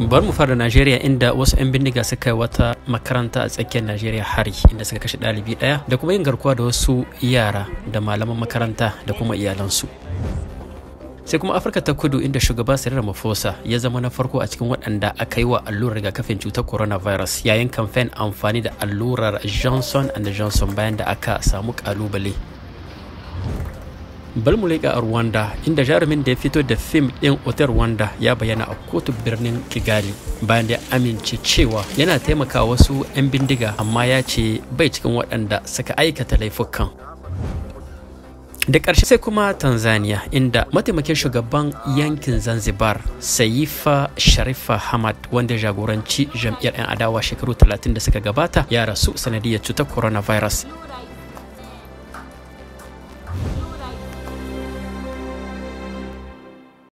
bar mu fara najeriya inda wasu 'yan bindiga suka yi wata makaranta a tsakiyar najeriya hari inda suka kashe ɗalibi ɗaya da kuma yin garkuwa da wasu yara da malaman makaranta da kuma iyalansu sai kuma afirka ta kudu inda shugaba da ramaphosa ya zama na farko a cikin waɗanda aka yi wa allurar rigakafin cutar coronavirus yayin kamfen amfani da allurar johnson and johnson bayan da aka samu kalubale bari mu leƙa rwanda inda jarumin da ya fito da fim ɗin otar rwanda ya bayyana a kotu birnin kigali bayan da ya amince cewa yana taimaka wasu 'yan bindiga amma ya ce bai cikin waɗanda suka aikata laifukan da ƙarshe sai kuma tanzania inda mataimakin shugaban yankin zanzibar saifa sharifa hamad wanda jagoranci jam'iyyar 'yan adawa shekaru 30 da suka gabata ya rasu sanadiyar cutar coronavirus